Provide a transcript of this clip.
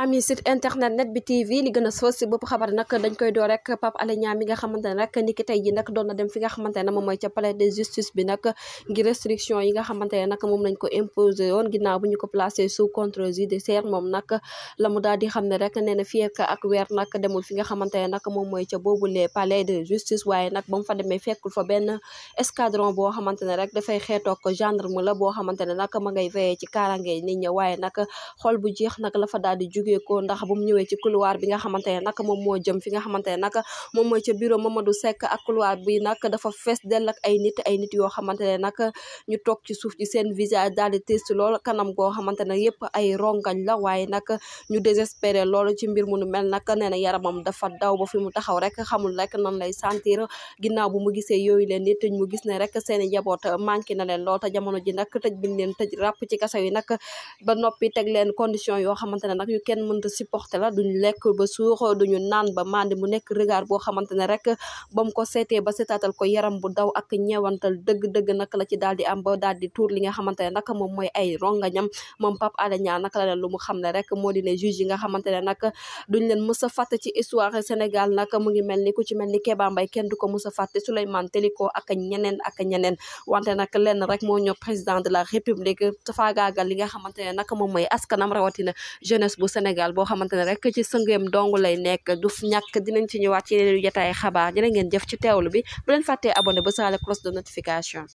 ami site internet net bi tv li gën a xabar nag dañ koy door rek Pape Alé Niang nga xamante ne rek ni ji nag doon na dem fi nga xamante ne moom mooy ca palais de justice bi nag ngir restriction yi nga xamante ne nag ko imposé woon ginnaaw bu ñu ko placé sous contrôle judiciaire moom nag la mu daal xam ne rek nee na fii ak weer nag demul fi nga xamante ne nag moom ca boobu les palais de justice waaye nag ba fa demee fekkul fa benn escadron boo xamante rek dafay xeetoo ko gendarme la boo xamante ne ma ngay veillé ci kaaraange jógeekoo ndax bu mu ñëwee ci ne nag moom moo jëm fi nga xamante ne nag moom mooy ca bureau Mamadou ay nit ay nit ne nag ñu toog ci suuf ci seen visage daal di triste lool kanam ci mbir mu nu mel nag nee na yaramam dafa daw ba fi mu taxaw rek xamul rek nan lay sentir ginnaaw bu mu gisee yooyu leen nit mu gis ne rek seen i a manqué na leen lool te jamono ji nag tëj biñ leen tëj ràpp ci kaso yi nag ba noppi teg leen condition yoo xamante ne ñu kenn kenn mënta supporter la duñ lekk ba suux duñu naan ba mandi mu nekk regard boo xamante ne rek ba mu ko seetee ba seetaatal bu daw ak ñeewantal dëgg-dëgg la ci daal di am ba daal di tuur li nga xamante ne nag moom mooy ay rongañam moom Pape Alé Niang nag la lu xam ne rek moo di yi nga xamante ne nag duñ leen mës a fàtte ci histoire Sénégal nag mu ngi mel ni ku ci mel ni Kéba Mbaye kenn du ko mës a fàtte Souleymane Teliko ak ñeneen ak ñeneen wante nag rek moo ñor président de la république faagaagal li nga xamante ne nag moom mooy askanam rawatina jeunesse bu Sénégal Sénégal boo xamante ne rek ci sëngeem dong lay nekk du ñàkk dinañ ci ñëwaat yeneen yu jotaay xabaar dina ngeen jëf ci teewlu bi bu leen fàttee abonné ba saale cloche de notification